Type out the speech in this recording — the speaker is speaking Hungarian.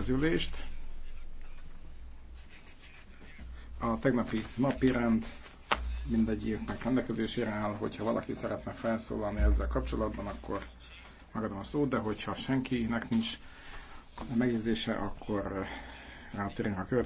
az ülést. A tegnapi napi rend mindegyiknek rendelkezésére áll, hogyha valaki szeretne felszólalni ezzel kapcsolatban, akkor megadom a szót, de hogyha senkinek nincs megjegyzése, akkor rátérünk a következő.